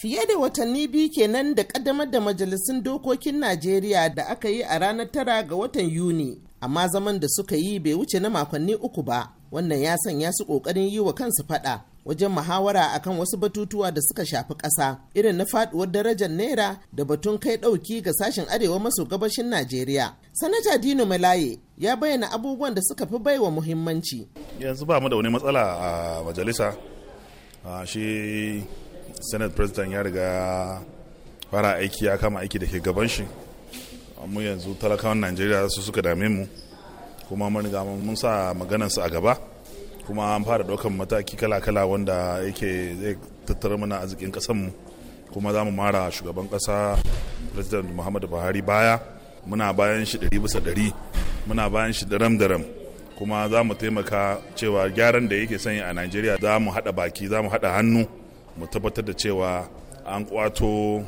Fiye da watanni biyu kenan da ƙaddamar da majalisun dokokin Najeriya da aka yi a ranar tara ga watan Yuni, amma zaman da suka yi bai wuce na makonni uku ba. Wannan ya sanya su ƙoƙarin yi wa kansu faɗa wajen muhawara akan wasu batutuwa da suka shafi ƙasa irin na faɗuwar darajar naira da batun kai ɗauki ga sashen arewa maso gabashin Najeriya. Sanata Dino Malaye ya bayyana abubuwan da suka fi baiwa muhimmanci. Yanzu ba mu da wani matsala a majalisa. shi senate president ya riga fara aiki ya kama aiki da ke gaban shi mu yanzu talakawan najeriya su suka dame mu kuma mun riga mun sa su a gaba kuma an fara daukan mataki kala-kala wanda yake zai tattara mana arzikin mu kuma za mu mara shugaban kasa president muhammadu buhari baya muna bayan shi ɗari bisa ɗari muna bayan shi daram-daram kuma za mu taimaka cewa gyaran da yake sanya a najeriya za mu haɗa baki za mu haɗa hannu mu tabbatar da cewa an kwato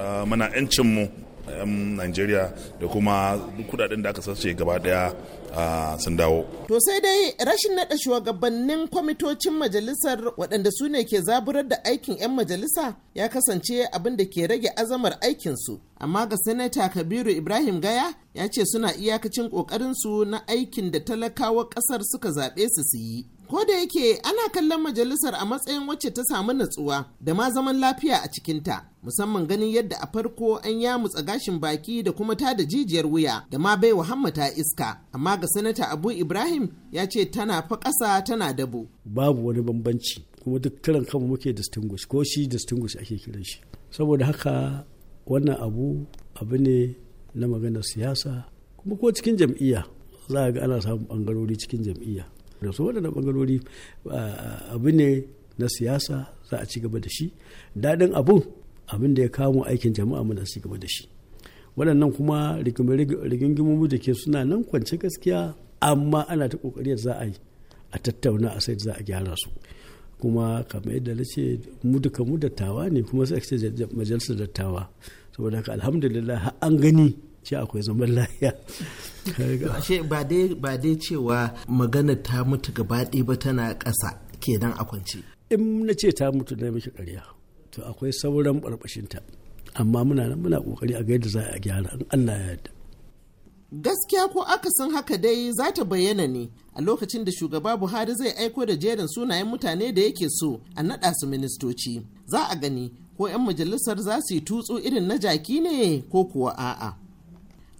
ah, mana 'yancinmu 'yan Najeriya da kuma kudaden da aka sace gaba daya ah, sun dawo. To sai dai rashin naɗa shugabannin kwamitocin majalisar waɗanda su ne ke zaburar da aikin 'yan majalisa ya kasance abin da ke rage azamar aikinsu. Amma ga Sanata Kabiru Ibrahim Gaya ya ce suna iyakacin ƙoƙarinsu na aikin da talakawa ƙasar suka zaɓe su su yi. Ko da yake ana kallon majalisar a matsayin wacce ta samu natsuwa da ma zaman lafiya a cikinta, musamman ganin yadda a farko an ya yamutsa gashin baki da kuma ta da jijiyar wuya da ma bai baiwa ta iska. Amma ga sanata Abu Ibrahim ya ce tana fa ƙasa tana dabo. Babu wani bambanci kuma duk kiran kanmu muke distinguish ko shi distinguish ake kiran shi. Saboda haka wannan abu abu ne na maganar siyasa kuma ko cikin jam'iyya za a ga ana samun bangarori cikin jam'iyya da su waɗannan bangarori abu ne na siyasa za a ci gaba da shi daɗin abun abin da ya kamo aikin jama'a muna ci gaba da shi waɗannan kuma rigingimomi da ke suna nan kwance gaskiya amma ana ta ƙoƙari za a yi a tattauna a sai za a gyara su kuma kamar yadda na ce mu duka mu dattawa ne kuma sai ce majalisar dattawa saboda haka alhamdulillah an gani ce akwai zaman lafiya ba ba dai cewa magana ta mutu gaba ɗaya ba tana ƙasa kenan a kwance in na ce ta mutu na miki ƙarya to akwai sauran barbashinta amma muna nan muna ƙoƙari a ga yadda za a gyara in Allah ya yarda gaskiya ko akasin haka dai za ta bayyana ne a lokacin da shugaba buhari zai aiko da jerin sunayen mutane da yake so a naɗa su ministoci za a gani ko 'yan majalisar za su yi tutsu irin na jaki ne ko kuwa a'a.